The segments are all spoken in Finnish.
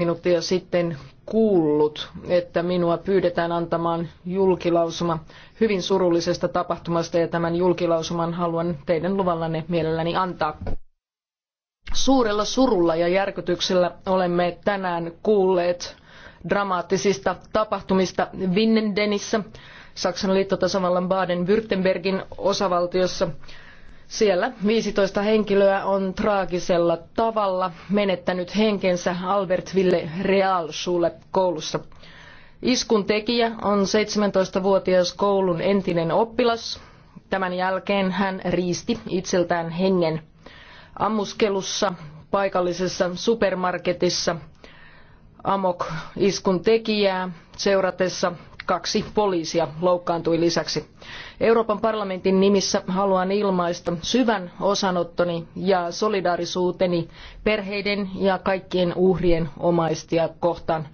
minuuttia sitten kuullut, että minua pyydetään antamaan julkilausuma hyvin surullisesta tapahtumasta ja tämän julkilausuman haluan teidän luvallanne mielelläni antaa. Suurella surulla ja järkytyksellä olemme tänään kuulleet dramaattisista tapahtumista Vinnendenissä, Saksan liittotasavallan Baden-Württembergin osavaltiossa, siellä 15 henkilöä on traagisella tavalla menettänyt henkensä Albertville Real koulussa. Iskun tekijä on 17-vuotias koulun entinen oppilas. Tämän jälkeen hän riisti itseltään hengen. Ammuskelussa paikallisessa supermarketissa amok iskun tekijää seuratessa kaksi poliisia loukkaantui lisäksi. Euroopan parlamentin nimissä haluan ilmaista syvän osanottoni ja solidaarisuuteni perheiden ja kaikkien uhrien omaistia kohtaan.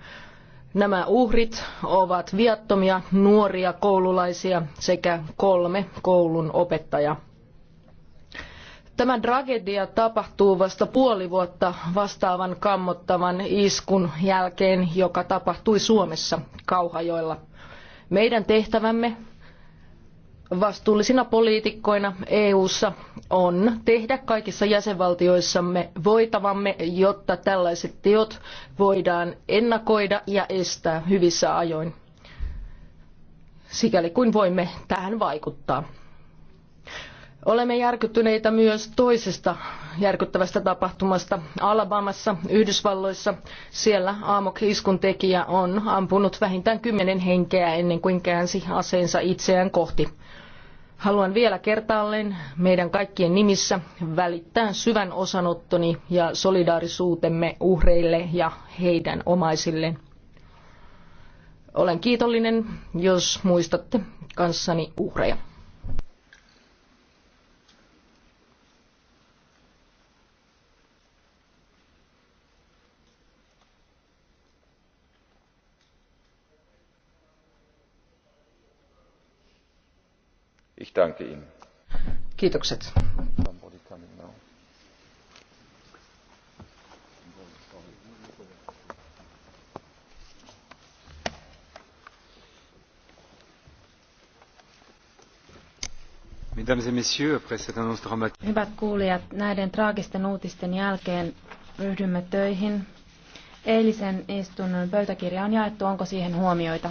Nämä uhrit ovat viattomia nuoria koululaisia sekä kolme koulun opettajaa. Tämä tragedia tapahtuu vasta puoli vuotta vastaavan kammottavan iskun jälkeen, joka tapahtui Suomessa Kauhajoilla. Meidän tehtävämme vastuullisina poliitikkoina EU:ssa on tehdä kaikissa jäsenvaltioissamme voitavamme, jotta tällaiset teot voidaan ennakoida ja estää hyvissä ajoin, sikäli kuin voimme tähän vaikuttaa. Olemme järkyttyneitä myös toisesta järkyttävästä tapahtumasta Alabamassa, Yhdysvalloissa. Siellä Amok-iskun tekijä on ampunut vähintään kymmenen henkeä ennen kuin käänsi aseensa itseään kohti. Haluan vielä kertaalleen meidän kaikkien nimissä välittää syvän osanottoni ja solidaarisuutemme uhreille ja heidän omaisilleen. Olen kiitollinen, jos muistatte kanssani uhreja. Ich danke Ihnen. Kiitokset. Hyvät kuulijat, näiden traagisten uutisten jälkeen ryhdymme töihin. Eilisen istunnon pöytäkirja on jaettu, onko siihen huomioita?